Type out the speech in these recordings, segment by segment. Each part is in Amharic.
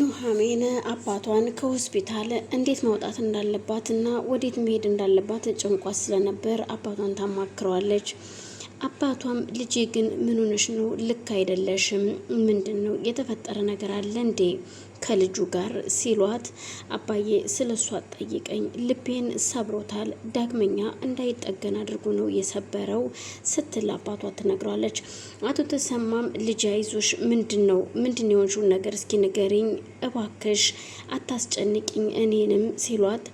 ኑሐሚን አባቷን ከሆስፒታል እንዴት መውጣት እንዳለባት እና ወዴት መሄድ እንዳለባት ጭንቋት ስለነበር አባቷን ታማክረዋለች። አባቷም ልጄ ግን ምን ሆነሽ ነው? ልክ አይደለሽም። ምንድን ነው የተፈጠረ ነገር አለ እንዴ ከልጁ ጋር ሲሏት፣ አባዬ ስለ እሷ ጠይቀኝ፣ ልቤን ሰብሮታል፣ ዳግመኛ እንዳይጠገን አድርጎ ነው የሰበረው ስትል አባቷ ትነግሯለች። አቶ ተሰማም ልጅ አይዞሽ፣ ምንድን ነው ምንድን የሆንሽውን ነገር እስኪ ንገሪኝ እባክሽ፣ አታስጨንቅኝ እኔንም ሲሏት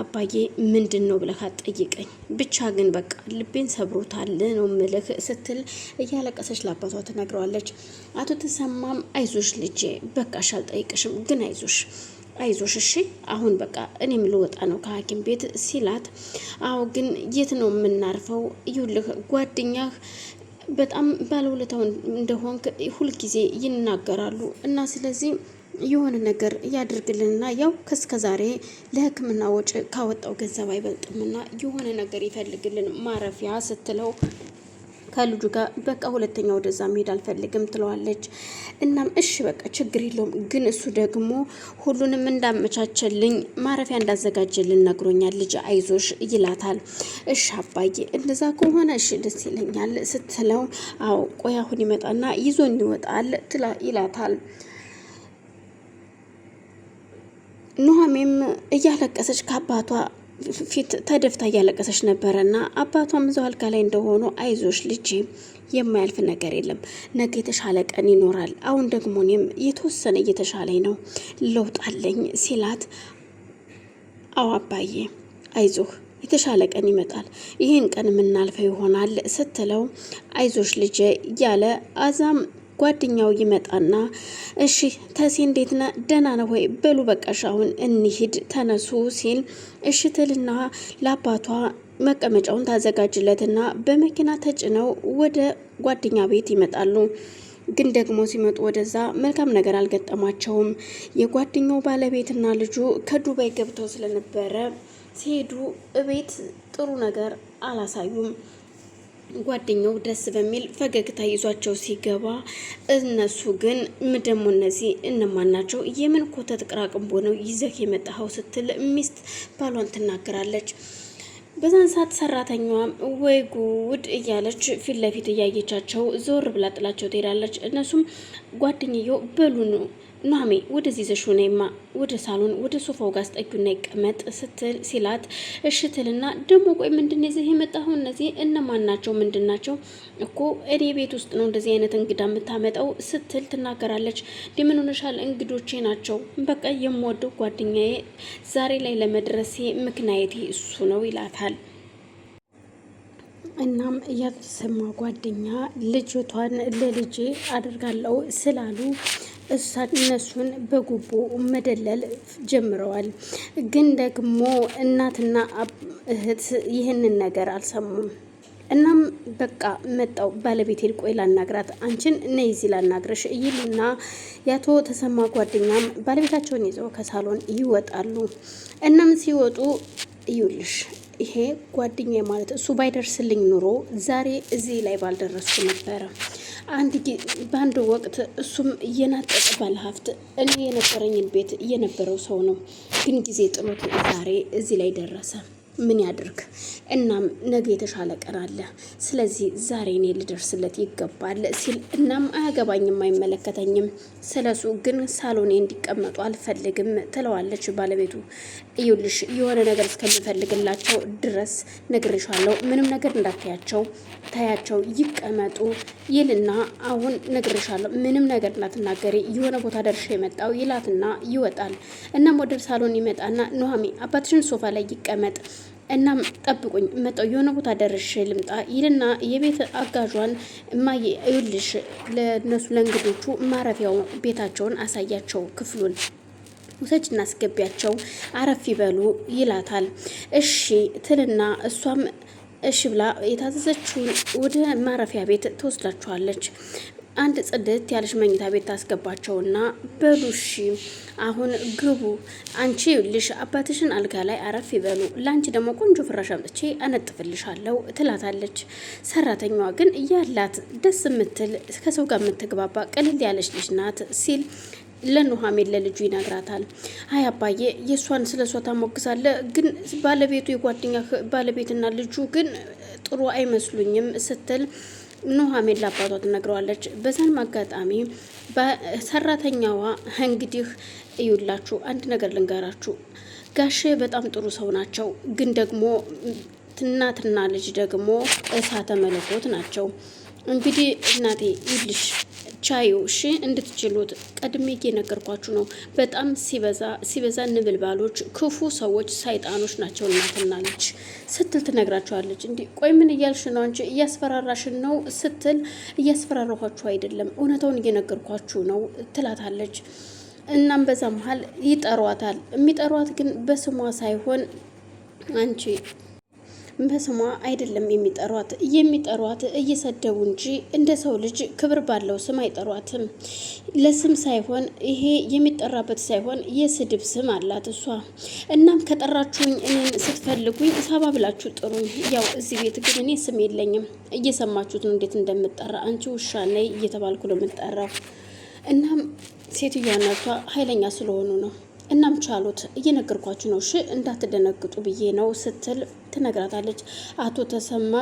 አባዬ ምንድን ነው ብለህ አትጠይቀኝ፣ ብቻ ግን በቃ ልቤን ሰብሮታል ነው ምልህ ስትል እያለቀሰች ለአባቷ ትነግረዋለች። አቶ ተሰማም አይዞሽ ልጄ፣ በቃ አልጠይቅሽም፣ ግን አይዞሽ አይዞሽ እሺ፣ አሁን በቃ እኔም ልወጣ ነው ከሐኪም ቤት ሲላት፣ አዎ ግን የት ነው የምናርፈው? ይኸውልህ ጓደኛህ በጣም ባለውለታው እንደሆንክ ሁልጊዜ ይናገራሉ እና ስለዚህ የሆነ ነገር ያድርግልንና ያው ዛሬ ለሕክምና ወጪ ካወጣው ገንዘብ አይበልጥምና የሆነ ነገር ይፈልግልን ማረፊያ ስትለው ከልጁ ጋር በቃ ሁለተኛ ወደዛ መሄድ አልፈልግም ትለዋለች። እናም እሺ በቃ ችግር የለውም ግን እሱ ደግሞ ሁሉንም እንዳመቻቸልኝ ማረፊያ እንዳዘጋጀልን ነግሮኛል። ልጅ አይዞሽ ይላታል። እሺ አባዬ እንደዛ ከሆነ እሺ ደስ ይለኛል ስትለው፣ አዎ ቆይ አሁን ይመጣና ይዞን ይወጣል ይላታል። ኑሐሚም እያለቀሰች ከአባቷ ፊት ተደፍታ እያለቀሰች ነበረ እና አባቷም እዛው አልጋ ላይ እንደሆኑ አይዞሽ ልጅ የማያልፍ ነገር የለም፣ ነገ የተሻለ ቀን ይኖራል። አሁን ደግሞ እኔም የተወሰነ እየተሻለኝ ነው ለውጣለኝ ሲላት፣ አዎ አባዬ አይዞህ የተሻለ ቀን ይመጣል፣ ይህን ቀን የምናልፈው ይሆናል ስትለው አይዞሽ ልጄ እያለ አዛም ጓደኛው ይመጣና እሺ ተሴ እንዴት ነ ደህና ነህ ወይ? በሉ በቃሽ አሁን እንሂድ ተነሱ ሲል እሺ ትልና ለአባቷ መቀመጫውን ታዘጋጅለትና በመኪና ተጭነው ወደ ጓደኛ ቤት ይመጣሉ። ግን ደግሞ ሲመጡ ወደዛ መልካም ነገር አልገጠማቸውም። የጓደኛው ባለቤትና ልጁ ከዱባይ ገብተው ስለነበረ ሲሄዱ እቤት ጥሩ ነገር አላሳዩም። ጓደኛው ደስ በሚል ፈገግታ ይዟቸው ሲገባ እነሱ ግን ምደሞ እነዚህ እነማን ናቸው? የምን ኮተት ቅራቅንቦ ነው ይዘህ የመጣኸው? ስትል ሚስት ባሏን ትናገራለች። በዛን ሰዓት ሰራተኛዋም ወይ ጉድ እያለች ፊት ለፊት እያየቻቸው ዞር ብላ ጥላቸው ትሄዳለች። እነሱም ጓደኛየው በሉ ነው ኑሃሜ ወደዚህ ዘሹ ነይማ ወደ ሳሎን ወደ ሶፋው ጋር አስጠጊውና ይቀመጥ ስትል ሲላት እሽትልና ደግሞ ቆይ ምንድን የዚህ የመጣኸው እነዚህ እነማን ናቸው ምንድን ናቸው እኮ እኔ ቤት ውስጥ ነው እንደዚህ አይነት እንግዳ የምታመጣው ስትል ትናገራለች እንደምን ሆነሻል እንግዶቼ ናቸው በቃ የምወደው ጓደኛዬ ዛሬ ላይ ለመድረሴ ምክንያቴ እሱ ነው ይላታል እናም ያልተሰማ ጓደኛ ልጅቷን ለልጄ አደርጋለሁ ስላሉ እነሱን በጉቦ መደለል ጀምረዋል። ግን ደግሞ እናትና እህት ይህንን ነገር አልሰሙም። እናም በቃ መጣው ባለቤት ቆይ ላናግራት፣ አንቺን ነይዚ ላናግረሽ እይልና የአቶ ተሰማ ጓደኛም ባለቤታቸውን ይዘው ከሳሎን ይወጣሉ። እናም ሲወጡ እዩልሽ ይሄ ጓደኛ ማለት እሱ ባይደርስልኝ ኑሮ ዛሬ እዚህ ላይ ባልደረስኩ ነበረ። አንድ በአንድ ወቅት እሱም እየናጠቀ ባለሀብት እኔ የነበረኝን ቤት እየነበረው ሰው ነው፣ ግን ጊዜ ጥሎት ዛሬ እዚህ ላይ ደረሰ። ምን ያድርግ? እናም ነገ የተሻለ ቀን አለ፣ ስለዚህ ዛሬ እኔ ልደርስለት ይገባል ሲል እናም አያገባኝም፣ አይመለከተኝም፣ ስለሱ ግን ሳሎኔ እንዲቀመጡ አልፈልግም ትለዋለች ባለቤቱ። እዩልሽ የሆነ ነገር እስከምፈልግላቸው ድረስ ነግሬሻለሁ፣ ምንም ነገር እንዳታያቸው፣ ታያቸው ይቀመጡ ይልና አሁን ነግሬሻለሁ፣ ምንም ነገር እንዳትናገሪ፣ የሆነ ቦታ ደርሼ የመጣው ይላትና ይወጣል። እናም ወደ ሳሎን ይመጣና ኑሐሚ አባትሽን ሶፋ ላይ ይቀመጥ እናም ጠብቁኝ መጠው የሆነ ቦታ ደርሼ ልምጣ ይልና የቤት አጋዧን እማዬ እዩልሽ ለነሱ ለእንግዶቹ ማረፊያው ቤታቸውን አሳያቸው ክፍሉን ውሰጅ እናስገቢያቸው አረፍ ይበሉ ይላታል። እሺ ትልና እሷም እሺ ብላ የታዘዘችውን ወደ ማረፊያ ቤት ትወስዳችኋለች። አንድ ጽድት ያለች መኝታ ቤት ታስገባቸውና በሉሺ አሁን ግቡ፣ አንቺ ልሽ አባትሽን አልጋ ላይ አረፍ ይበሉ፣ ለአንቺ ደግሞ ቆንጆ ፍራሽ አምጥቼ አነጥፍልሻለሁ ትላታለች። ሰራተኛዋ ግን ያላት ደስ የምትል ከሰው ጋር የምትግባባ ቅልል ያለች ልጅ ናት ሲል ለኑሐሚን ለልጁ ይነግራታል። አይ አባዬ የእሷን ስለ እሷ ታሞግሳለ፣ ግን ባለቤቱ የጓደኛ ባለቤትና ልጁ ግን ጥሩ አይመስሉኝም ስትል ኑሐሚን ለአባቷ ትነግረዋለች። በዛን አጋጣሚ በሰራተኛዋ እንግዲህ እዩላችሁ፣ አንድ ነገር ልንገራችሁ፣ ጋሼ በጣም ጥሩ ሰው ናቸው፣ ግን ደግሞ እናትና ልጅ ደግሞ እሳተ መለኮት ናቸው። እንግዲህ እናቴ ይልሽ ቻዩ ሺ እንድትችሉት ቀድሜ የነገርኳችሁ ነው። በጣም ሲበዛ ሲበዛ ንብልባሎች፣ ክፉ ሰዎች፣ ሰይጣኖች ናቸው እናትና ልጅ ስትል ትነግራቸዋለች። እንዲህ ቆይ ምን እያልሽ ነው አንቺ? እያስፈራራሽን ነው ስትል እያስፈራራኋችሁ አይደለም እውነታውን እየነገርኳችሁ ነው ትላታለች። እናም በዛ መሀል ይጠሯታል። የሚጠሯት ግን በስሟ ሳይሆን አንቺ በስሟ አይደለም የሚጠሯት የሚጠሯት እየሰደቡ እንጂ እንደ ሰው ልጅ ክብር ባለው ስም አይጠሯትም። ለስም ሳይሆን ይሄ የሚጠራበት ሳይሆን የስድብ ስም አላት እሷ። እናም ከጠራችሁኝ እኔን ስትፈልጉኝ ሳባ ብላችሁ ጥሩኝ። ያው እዚህ ቤት ግን እኔ ስም የለኝም። እየሰማችሁት ነው እንዴት እንደምጠራ አንቺ ውሻ ነይ እየተባልኩ ነው የምጠራው። እናም ሴትዮዋ እናቷ ኃይለኛ ስለሆኑ ነው እናም ቻሉት እየነገርኳችሁ ነው፣ እሺ እንዳትደነግጡ ብዬ ነው ስትል ትነግራታለች። አቶ ተሰማ